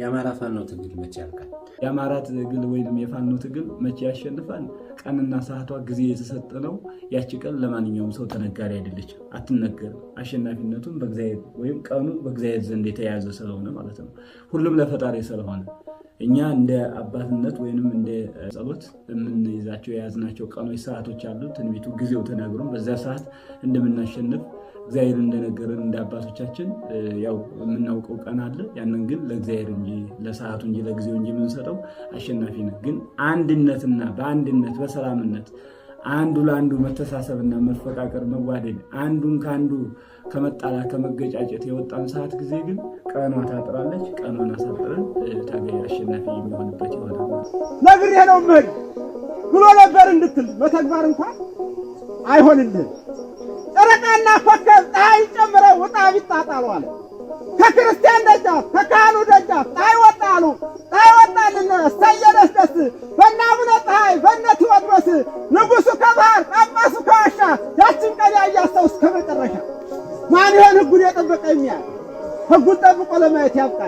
የአማራ ፋኖ ትግል መቼ ያልቃል? የአማራ ትግል ወይም የፋኖ ትግል መቼ ያሸንፋል? ቀንና ሰዓቷ ጊዜ የተሰጠ ነው። ያቺ ቀን ለማንኛውም ሰው ተነጋሪ አይደለች፣ አትነገርም። አሸናፊነቱን በእግዚአብሔር ወይም ቀኑ በእግዚአብሔር ዘንድ የተያዘ ስለሆነ ማለት ነው። ሁሉም ለፈጣሪ ስለሆነ እኛ እንደ አባትነት ወይም እንደ ጸሎት የምንይዛቸው የያዝናቸው ቀኖች፣ ሰዓቶች አሉ። ትንቢቱ ጊዜው ተናግሮም በዚያ ሰዓት እንደምናሸንፍ እግዚአብሔር እንደነገረን እንደ አባቶቻችን ያው የምናውቀው ቀን አለ። ያንን ግን ለእግዚአብሔር እንጂ ለሰዓቱ እንጂ ለጊዜው እንጂ የምንሰጠው አሸናፊ ነው። ግን አንድነትና በአንድነት በሰላምነት አንዱ ለአንዱ መተሳሰብና መፈቃቀር፣ መዋደድ አንዱን ከአንዱ ከመጣላት ከመገጫጨት የወጣን ሰዓት ጊዜ ግን ቀኗ ታጥራለች። ቀኗን አሳጥረን ታገኝ አሸናፊ የሚሆንበት ይሆናል። ነግሬህ ነው ምህል ብሎ ነበር እንድትል በተግባር እንኳን አይሆንልህም። ቀናና ኮከብ ፀሐይ ጨምረ ውጣ ቢጣጣሉ አለ። ከክርስቲያን ደጃፍ ከካህኑ ደጃፍ ፀሐይ ወጣ አሉ። ፀሐይ ወጣልን እሰየ ደስ ደስ በእነ አቡነ ፀሐይ በእነ ቴዎድሮስ ንጉሡ ከባህር ጳጳሱ ከዋሻ ያችን ቀን ያያሰው እስከ መጨረሻ ማን ይሆን ህጉን የጠበቀ የሚያል ህጉን ጠብቆ ለማየት ያብቃል።